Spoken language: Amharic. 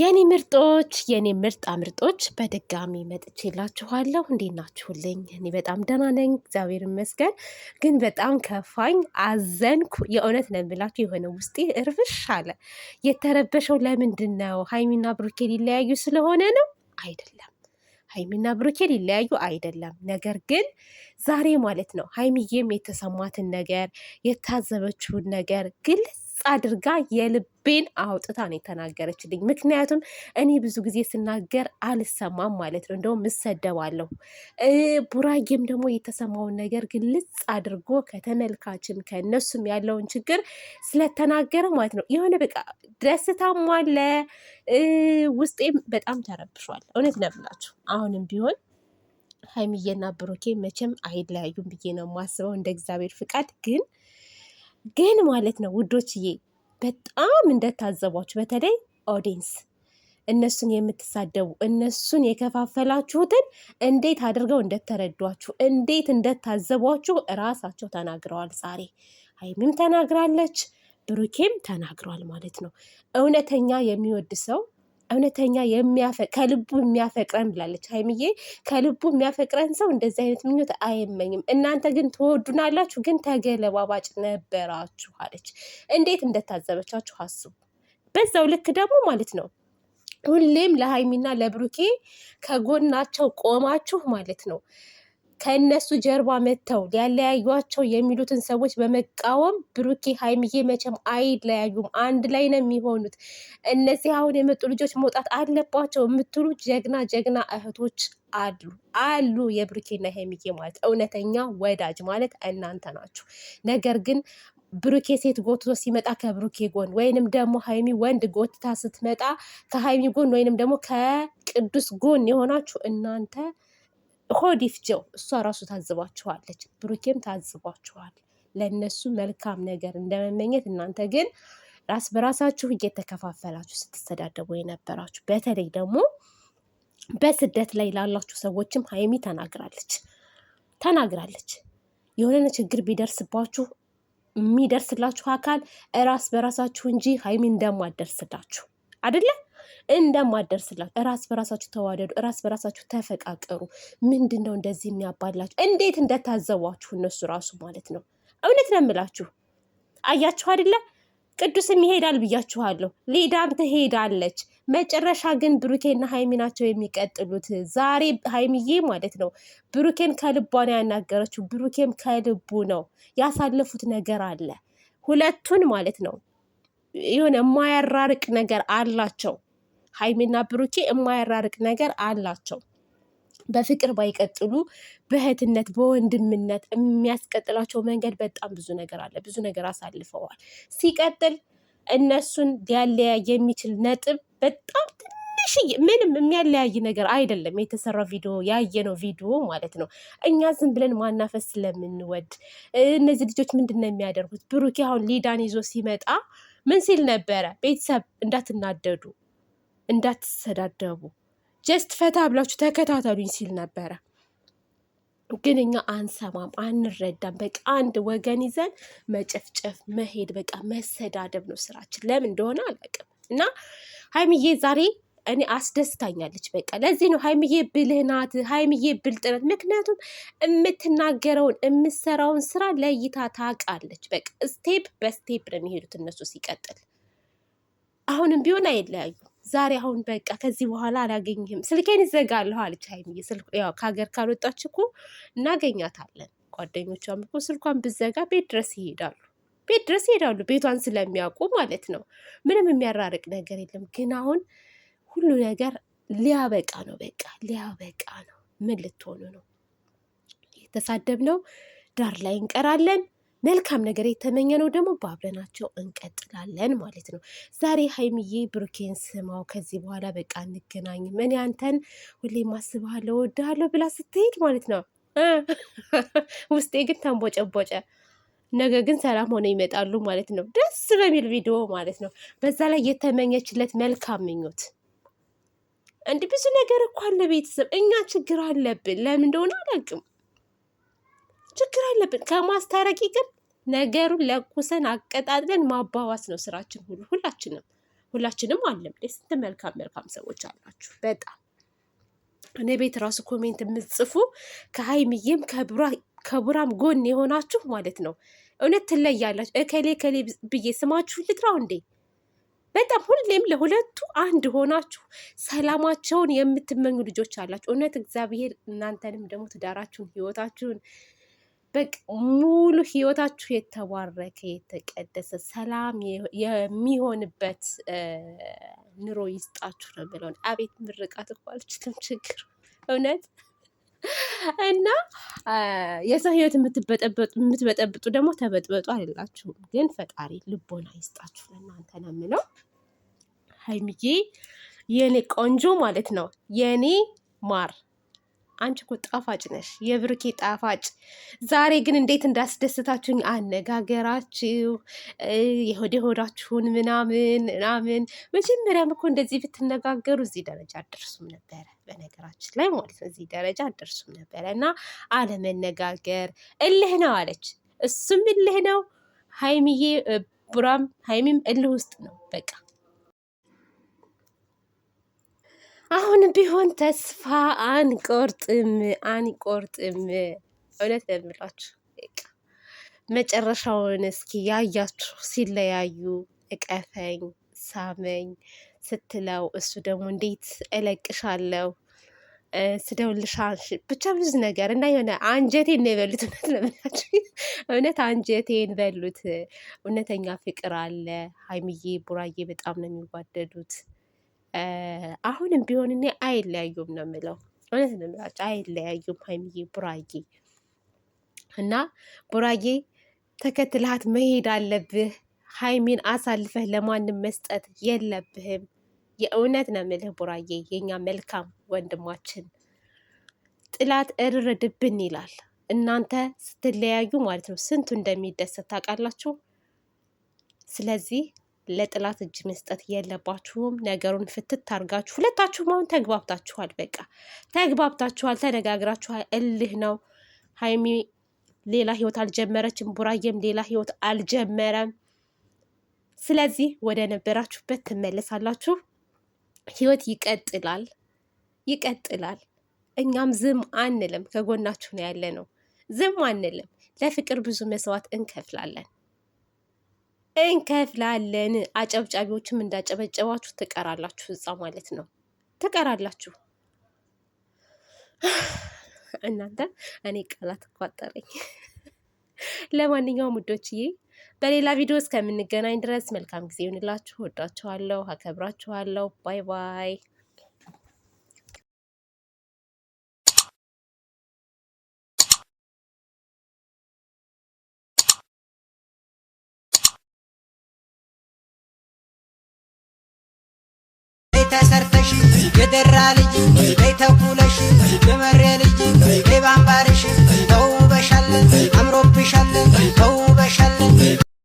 የኔ ምርጦች የኔ ምርጣ ምርጦች በድጋሚ መጥቼላችኋለሁ። እንዴት ናችሁልኝ? እኔ በጣም ደህና ነኝ፣ እግዚአብሔር ይመስገን። ግን በጣም ከፋኝ፣ አዘንኩ። የእውነት ነው የምላችሁ፣ የሆነ ውስጤ እርብሽ አለ። የተረበሸው ለምንድን ነው? ሀይሚና ብሩኬ ሊለያዩ ስለሆነ ነው? አይደለም ሀይሚና ብሩኬ ሊለያዩ አይደለም። ነገር ግን ዛሬ ማለት ነው ሀይሚዬም የተሰማትን ነገር የታዘበችውን ነገር ግልጽ አድርጋ የልቤን አውጥታ ነው የተናገረችልኝ። ምክንያቱም እኔ ብዙ ጊዜ ስናገር አልሰማም ማለት ነው፣ እንደውም እሰደባለሁ። ቡራጌም ደግሞ የተሰማውን ነገር ግልጽ አድርጎ ከተመልካችም ከእነሱም ያለውን ችግር ስለተናገረ ማለት ነው የሆነ በቃ ደስታም አለ ውስጤም በጣም ተረብሿል። እውነት ነብላችሁ አሁንም ቢሆን ሀይሚዬና ብሩኬ መቼም አይለያዩም ብዬ ነው የማስበው እንደ እግዚአብሔር ፍቃድ ግን ግን ማለት ነው ውዶችዬ በጣም እንደታዘቧችሁ በተለይ ኦዲንስ እነሱን የምትሳደቡ እነሱን የከፋፈላችሁትን እንዴት አድርገው እንደተረዷችሁ እንዴት እንደታዘቧችሁ እራሳቸው ተናግረዋል። ዛሬ ሀይሚም ተናግራለች፣ ብሩኬም ተናግሯል ማለት ነው። እውነተኛ የሚወድ ሰው እውነተኛ ከልቡ የሚያፈቅረን ብላለች ሀይምዬ ከልቡ የሚያፈቅረን ሰው እንደዚህ አይነት ምኞት አይመኝም። እናንተ ግን ትወዱናላችሁ፣ ግን ተገለባባጭ ነበራችሁ አለች። እንዴት እንደታዘበቻችሁ አስቡ። በዛው ልክ ደግሞ ማለት ነው ሁሌም ለሀይሚና ለብሩኬ ከጎናቸው ቆማችሁ ማለት ነው ከእነሱ ጀርባ መጥተው ሊያለያዩቸው የሚሉትን ሰዎች በመቃወም ብሩኬ፣ ሀይሚዬ መቼም አይለያዩም፣ አንድ ላይ ነው የሚሆኑት። እነዚህ አሁን የመጡ ልጆች መውጣት አለባቸው የምትሉ ጀግና ጀግና እህቶች አሉ አሉ። የብሩኬና ሀይሚዬ ማለት እውነተኛ ወዳጅ ማለት እናንተ ናችሁ። ነገር ግን ብሩኬ ሴት ጎትቶ ሲመጣ ከብሩኬ ጎን ወይንም ደግሞ ሀይሚ ወንድ ጎትታ ስትመጣ ከሀይሚ ጎን ወይንም ደግሞ ከቅዱስ ጎን የሆናችሁ እናንተ ሆድ ይፍጀው። እሷ ራሱ ታዝባችኋለች፣ ብሩኬም ታዝባችኋል ለእነሱ መልካም ነገር እንደመመኘት እናንተ ግን ራስ በራሳችሁ እየተከፋፈላችሁ ስትሰዳደቡ የነበራችሁ በተለይ ደግሞ በስደት ላይ ላላችሁ ሰዎችም ሀይሚ ተናግራለች ተናግራለች። የሆነ ችግር ቢደርስባችሁ የሚደርስላችሁ አካል ራስ በራሳችሁ እንጂ ሀይሚ እንደማደርስላችሁ አይደለ እንደማደርስላችሁ። እራስ በራሳችሁ ተዋደዱ፣ እራስ በራሳችሁ ተፈቃቀሩ። ምንድን ነው እንደዚህ የሚያባላችሁ? እንዴት እንደታዘቧችሁ እነሱ ራሱ ማለት ነው። እውነት ነው የምላችሁ። አያችሁ አይደለ? ቅዱስም ይሄዳል ብያችኋለሁ። ሊዳም ትሄዳለች። መጨረሻ ግን ብሩኬና ሀይሚ ናቸው የሚቀጥሉት። ዛሬ ሀይሚዬ ማለት ነው ብሩኬን ከልቧ ነው ያናገረችው። ብሩኬም ከልቡ ነው። ያሳለፉት ነገር አለ ሁለቱን ማለት ነው የሆነ የማያራርቅ ነገር አላቸው። ሀይሜና ብሩኬ የማያራርቅ ነገር አላቸው። በፍቅር ባይቀጥሉ በእህትነት በወንድምነት የሚያስቀጥላቸው መንገድ በጣም ብዙ ነገር አለ። ብዙ ነገር አሳልፈዋል። ሲቀጥል እነሱን ሊያለያይ የሚችል ነጥብ በጣም ትንሽ ምንም የሚያለያይ ነገር አይደለም። የተሰራው ቪዲዮ ያየነው ቪዲዮ ማለት ነው። እኛ ዝም ብለን ማናፈስ ስለምንወድ እነዚህ ልጆች ምንድን ነው የሚያደርጉት? ብሩኬ አሁን ሊዳን ይዞ ሲመጣ ምን ሲል ነበረ? ቤተሰብ እንዳትናደዱ እንዳትሰዳደቡ ጀስት ፈታ ብላችሁ ተከታተሉኝ ሲል ነበረ። ግን እኛ አንሰማም፣ አንረዳም። በቃ አንድ ወገን ይዘን መጨፍጨፍ፣ መሄድ፣ በቃ መሰዳደብ ነው ስራችን። ለምን እንደሆነ አላውቅም። እና ሀይምዬ ዛሬ እኔ አስደስታኛለች። በቃ ለዚህ ነው ሀይምዬ ብልህ ናት፣ ሀይሚዬ ብልጥ ናት። ምክንያቱም የምትናገረውን የምትሰራውን ስራ ለይታ ታውቃለች። በቃ ስቴፕ በስቴፕ ነው የሚሄዱት እነሱ። ሲቀጥል አሁንም ቢሆን አይለያዩ ዛሬ አሁን በቃ ከዚህ በኋላ አላገኝህም፣ ስልኬን ይዘጋለሁ አለች ሀይሚዬ። ያው ከሀገር ካልወጣች እኮ እናገኛታለን። ጓደኞቿም እኮ ስልኳን ብዘጋ ቤት ድረስ ይሄዳሉ፣ ቤት ድረስ ይሄዳሉ። ቤቷን ስለሚያውቁ ማለት ነው። ምንም የሚያራርቅ ነገር የለም። ግን አሁን ሁሉ ነገር ሊያበቃ ነው። በቃ ሊያበቃ ነው። ምን ልትሆኑ ነው? የተሳደብነው ዳር ላይ እንቀራለን። መልካም ነገር የተመኘነው ደግሞ በአብረናቸው እንቀጥላለን ማለት ነው። ዛሬ ሀይምዬ ብሩኬን ስማው፣ ከዚህ በኋላ በቃ እንገናኝ፣ ምን ያንተን ሁሌ ማስብሃለሁ፣ እወድሃለሁ ብላ ስትሄድ ማለት ነው ውስጤ ግን ተንቦጨቦጨ። ነገ ግን ሰላም ሆነ ይመጣሉ ማለት ነው። ደስ በሚል ቪዲዮ ማለት ነው። በዛ ላይ የተመኘችለት መልካም ምኞት እንዲህ ብዙ ነገር እኮ አለ ቤተሰብ። እኛ ችግር አለብን፣ ለምን እንደሆነ አላውቅም። ችግር አለብን። ከማስታረቂ ግን ነገሩን ለኩሰን አቀጣጥለን ማባባስ ነው ስራችን ሁሉ ሁላችንም ሁላችንም አለም። ስንት መልካም መልካም ሰዎች አላችሁ በጣም እኔ ቤት ራሱ ኮሜንት የምትጽፉ ከሀይምዬም ከቡራም ጎን የሆናችሁ ማለት ነው። እውነት ትለያላችሁ። እከሌ ከሌ ብዬ ስማችሁ ልጥራው እንዴ? በጣም ሁሌም ለሁለቱ አንድ ሆናችሁ ሰላማቸውን የምትመኙ ልጆች አላችሁ። እውነት እግዚአብሔር እናንተንም ደግሞ ትዳራችሁን ህይወታችሁን በቃ ሙሉ ህይወታችሁ የተባረከ የተቀደሰ ሰላም የሚሆንበት ኑሮ ይስጣችሁ ነው የሚለውን። አቤት ምርቃት እኮ አልችልም ችግር እውነት እና የሰው ህይወት የምትበጠብጡ ደግሞ ተበጥበጡ አይደላችሁም፣ ግን ፈጣሪ ልቦና ይስጣችሁ ለእናንተ ነው የምለው። ሀይሚዬ የኔ ቆንጆ ማለት ነው የኔ ማር አንቺ እኮ ጣፋጭ ነሽ፣ የብሩኬ ጣፋጭ። ዛሬ ግን እንዴት እንዳስደስታችሁኝ አነጋገራችሁ፣ የሆዴ ሆዳችሁን ምናምን ምናምን። መጀመሪያም እኮ እንደዚህ ብትነጋገሩ እዚህ ደረጃ አደርሱም ነበረ በነገራችን ላይ ማለት ነው። እዚህ ደረጃ አደርሱም ነበረ እና አለመነጋገር እልህ ነው አለች። እሱም እልህ ነው ሀይሚዬ፣ ቡራም ሀይሚም እልህ ውስጥ ነው በቃ አሁን ቢሆን ተስፋ አንቆርጥም አንቆርጥም። እውነት ነው መጨረሻውን እስኪ ያያችሁ ሲለያዩ እቀፈኝ ሳመኝ ስትለው እሱ ደግሞ እንዴት እለቅሻለሁ ስደውልሻሽ ብቻ ብዙ ነገር እና የሆነ አንጀቴን ነው የበሉት። እውነት ለምላችሁ እውነት አንጀቴን በሉት። እውነተኛ ፍቅር አለ። ሀይምዬ ቡራዬ በጣም ነው የሚዋደዱት። አሁንም ቢሆን እኔ አይለያዩም ነው የምለው። እውነት ነው የምላቸው አይለያዩም። ሀይሚዬ ቡራጌ እና ቡራጌ ተከትልሃት መሄድ አለብህ። ሀይሚን አሳልፈህ ለማንም መስጠት የለብህም። የእውነት ነው የምልህ ቡራዬ፣ የኛ መልካም ወንድማችን ጥላት እርርድብን ይላል። እናንተ ስትለያዩ ማለት ነው ስንቱ እንደሚደሰት ታውቃላችሁ። ስለዚህ ለጥላት እጅ መስጠት የለባችሁም። ነገሩን ፍትት አርጋችሁ ሁለታችሁም አሁን ተግባብታችኋል። በቃ ተግባብታችኋል፣ ተነጋግራችኋል። እልህ ነው። ሀይሚ ሌላ ህይወት አልጀመረችም፣ ቡራዬም ሌላ ህይወት አልጀመረም። ስለዚህ ወደ ነበራችሁበት ትመለሳላችሁ። ህይወት ይቀጥላል፣ ይቀጥላል። እኛም ዝም አንልም፣ ከጎናችሁ ነው ያለ ነው። ዝም አንልም። ለፍቅር ብዙ መስዋዕት እንከፍላለን። እንከፍላለን። አጨብጫቢዎችም እንዳጨበጨባችሁ ትቀራላችሁ፣ እዛ ማለት ነው ትቀራላችሁ። እናንተ እኔ ቃላት ቋጠረኝ። ለማንኛውም ውዶችዬ በሌላ ቪዲዮ እስከምንገናኝ ድረስ መልካም ጊዜ ይሁንላችሁ። ወዳችኋለሁ፣ አከብራችኋለሁ። ባይ ባይ። ተሰርተሽ የደራ ልጅ በይ ተኩለሽ የመሬ ልጅ በይ ባምባርሽ ተውበሻለን አምሮብሻለን ተው